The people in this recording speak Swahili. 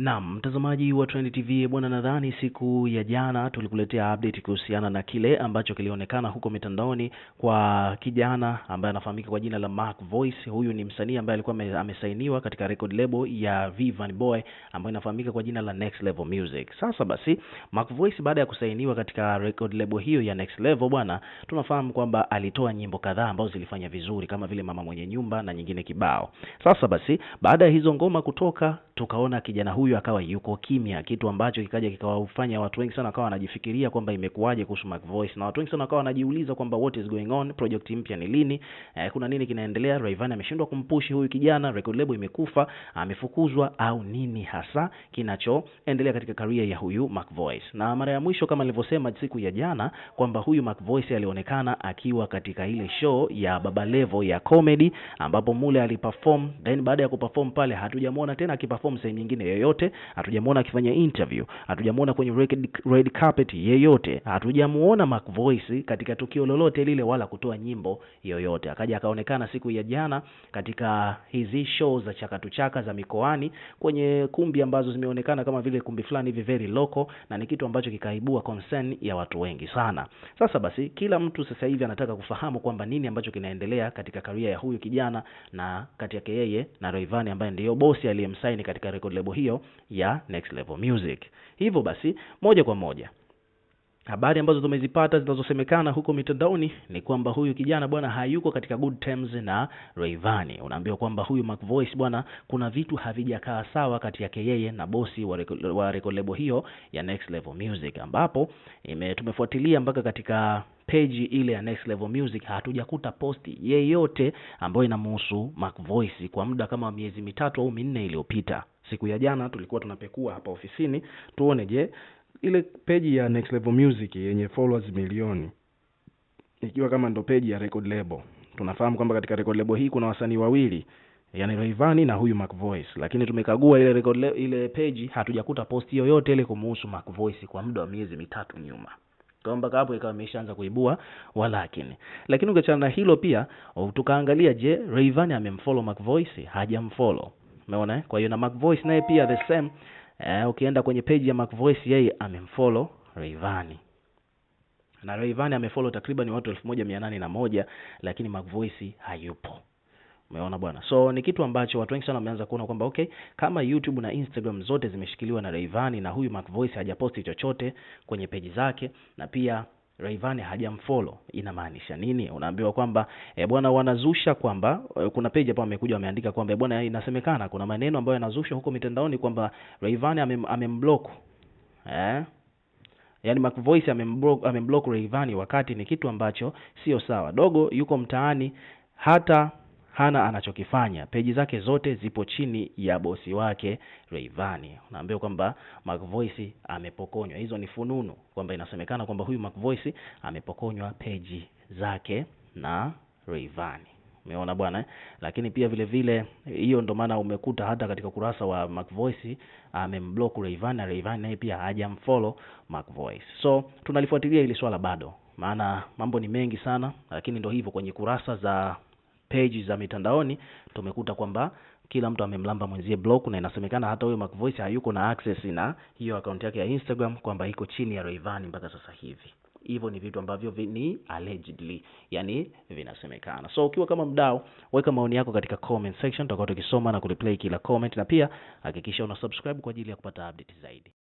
Naam, mtazamaji wa Trend TV bwana, nadhani siku ya jana tulikuletea update kuhusiana na kile ambacho kilionekana huko mitandaoni kwa kijana ambaye anafahamika kwa jina la Mark Voice. Huyu ni msanii ambaye alikuwa amesainiwa katika record label ya Vivan Boy ambayo inafahamika kwa jina la Next Level Music. Sasa basi, Mark Voice baada ya kusainiwa katika record label hiyo ya Next Level bwana, tunafahamu kwamba alitoa nyimbo kadhaa ambazo zilifanya vizuri kama vile Mama Mwenye Nyumba na nyingine kibao. Sasa basi, baada ya hizo ngoma kutoka, tukaona kijana huyu huyu akawa yuko kimya, kitu ambacho kikaja kikawafanya watu wengi sana wakawa wanajifikiria kwamba imekuwaje kuhusu Mac Voice, na watu wengi sana wakawa wanajiuliza kwamba what is going on, project mpya ni lini? Eh, kuna nini kinaendelea? Rayvanny ameshindwa kumpushi huyu kijana, record label imekufa, amefukuzwa au nini hasa kinachoendelea katika career ya huyu Mac Voice. Na mara ya mwisho kama nilivyosema siku ya jana kwamba huyu Mac Voice alionekana akiwa katika ile show ya Baba Levo ya comedy ambapo mule aliperform, then baada ya kuperform pale hatujamuona tena akiperform sehemu nyingine yoyote yoyote, hatujamuona akifanya interview, hatujamuona kwenye red, red carpet yeyote, hatujamuona Mac Voice katika tukio lolote lile wala kutoa nyimbo yoyote. Akaja akaonekana siku ya jana katika hizi show za chakatuchaka za mikoani kwenye kumbi ambazo zimeonekana kama vile kumbi fulani hivi very local, na ni kitu ambacho kikaibua concern ya watu wengi sana. Sasa basi, kila mtu sasa hivi anataka kufahamu kwamba nini ambacho kinaendelea katika karia ya huyu kijana na kati yake yeye na Rayvanny ambaye ndiyo bosi aliyemsaini katika record label hiyo ya Next Level Music. Hivyo basi, moja kwa moja habari ambazo tumezipata zinazosemekana huko mitandaoni ni kwamba huyu kijana bwana hayuko katika good terms na Rayvanny. Unaambiwa kwamba huyu Mac Voice bwana, kuna vitu havijakaa sawa kati yake yeye na bosi wa, record label hiyo ya Next Level Music, ambapo ime, tumefuatilia mpaka katika peji ile ya Next Level Music hatujakuta posti yeyote ambayo inamhusu Mac Voice kwa muda kama miezi mitatu au minne iliyopita. Siku ya jana tulikuwa tunapekua hapa ofisini tuone je ile peji ya Next Level Music yenye followers milioni ikiwa kama ndo peji ya record label. Tunafahamu kwamba katika record label hii kuna wasanii wawili, yani Rayvanny na huyu Mac Voice, lakini tumekagua ile record ile peji hatujakuta posti yoyote ile kumuhusu Mac Voice kwa muda wa miezi mitatu nyuma kwa mpaka hapo ikawa imeshaanza kuibua walakini. Lakini ukachana na hilo pia tukaangalia, je, Rayvanny amemfollow Mac Voice? Hajamfollow umeona eh? Kwa hiyo na Voice naye pia the same eh, ukienda kwenye page ya Voice yeye amemfollow Rayvanny na Rayvanny amefollow takriban watu elfu moja mia nane na moja lakini MacVoice hayupo. Umeona bwana, so ni kitu ambacho watu wengi sana wameanza kuona kwamba okay, kama YouTube na Instagram zote zimeshikiliwa na Rayvanny na huyu Voice hajaposti chochote kwenye peji zake na pia Rayvanny hajamfollow inamaanisha nini? Unaambiwa kwamba e, bwana wanazusha kwamba e, kuna page hapo amekuja ameandika kwamba e, bwana inasemekana kuna maneno ambayo yanazusha huko mitandaoni kwamba Rayvanny amemblock eh yani MacVoice amemblock amemblock Rayvanny wakati ni kitu ambacho sio sawa. Dogo yuko mtaani hata hana anachokifanya. Peji zake zote zipo chini ya bosi wake Rayvanny. Unaambiwa kwamba MarkVoice amepokonywa. Hizo ni fununu kwamba inasemekana kwamba huyu MarkVoice amepokonywa peji zake na Rayvanny. Umeona bwana eh? Lakini pia vile vile hiyo ndo maana umekuta hata katika kurasa wa MarkVoice amemblock Rayvanny, Rayvanny naye pia hajamfollow MarkVoice. So tunalifuatilia hili swala bado, maana mambo ni mengi sana, lakini ndo hivyo kwenye kurasa za page za mitandaoni tumekuta kwamba kila mtu amemlamba mwenzie block, na inasemekana hata huyo McVoice hayuko na access na hiyo akaunti yake ya Instagram kwamba iko chini ya Rayvanny mpaka sasa hivi. Hivyo ni vitu ambavyo vi, ni allegedly, yani vinasemekana. So ukiwa kama mdau, weka maoni yako katika comment section, tutakuwa tukisoma na kureplay kila comment, na pia hakikisha una subscribe kwa ajili ya kupata update zaidi.